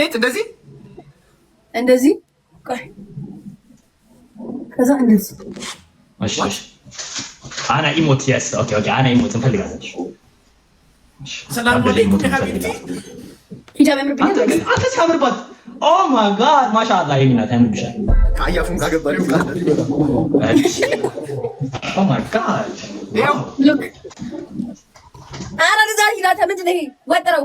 እንዴት እንደዚህ እንደዚህ ከዛ እንደዚህ አና ኢሞት ያስ ኦኬ ኦኬ አና ኢሞት እንፈልጋለን። ሰላም አለይኩም ሀቢብቲ ሂጃብ ያምርብኛል። አንተ ሲያምርባት ኦ ማይ ጋድ ማሻአላ ይሚናት ያምርብሻል። ከአያፉን ጋር ገባሪው ጋር ኦ ማይ ጋድ ሉክ አራ ለዛ ይላታ ምንድን ነው ይሄ ወጥረው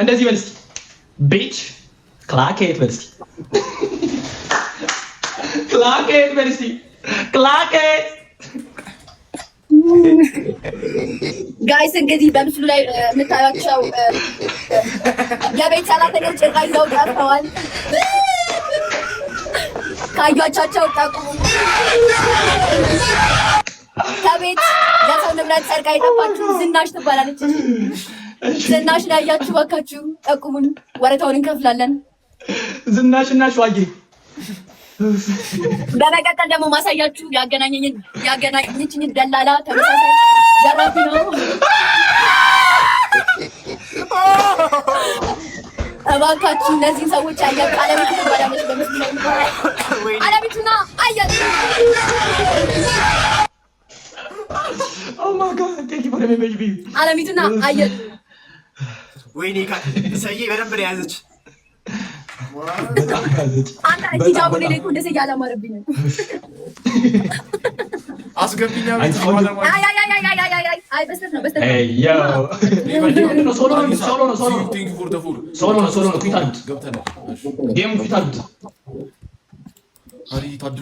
እንደዚህ በል እስኪ ቤች ክላኬት በል እስኪ ክላኬት በል እስኪ ክላኬት ጋይስ እንግዲህ በምስሉ ላይ የምታያቸው የቤት ሰራተኞች ጭራ ይዘው ቀርተዋል። ካያቻቸው ጠቁሙ። ከቤት የሰው ንብረት ሰርቃ የጠፋችሁ ዝናሽ ትባላለች። ዝናሽ ላይ ላያችሁ እባካችሁ ጠቁሙን፣ ወረታውን እንከፍላለን። ዝናሽ እና ሸዋዬ በመቀጠል ደግሞ ማሳያችሁ ያገናኘኝን ያገናኘችኝን ደላላ ተመሳሳይ ነው። እባካችሁ እነዚህን ሰዎች አያት አለቤቱ ባዳመች በምስሉ ላይ አለቤቱና አያት አለሚቱና አየት ወይኔ ሰዬ በደንብ ነው የያዘች ታድሉ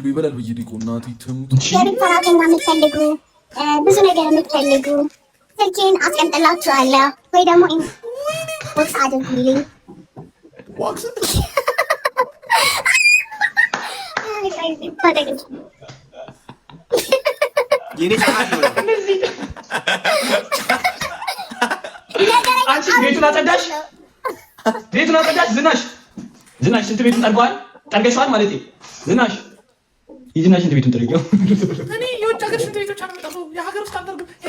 ይበላል ብዬ እኮ እናቴ ትሙት። የምትፈልጉ ብዙ ነገር የምትፈልጉ ስልኬን አስቀምጥላችኋለሁ ወይ ደግሞ ቦክስ አድርጉልኝ። walks አንቺ ቤቱን አጸዳሽ፣ ቤቱን አጸዳሽ። ዝናሽ ዝናሽ ሽንት ቤቱን ጠርገዋል፣ ጠርገሽዋል ማለት ዝናሽ ይዝናሽ ሽንት ቤቱን ጠርገው። እኔ የውጭ ሀገር ሽንት ቤቶች አልመጣሁም፣ የሀገር ውስጥ አልጠርግም።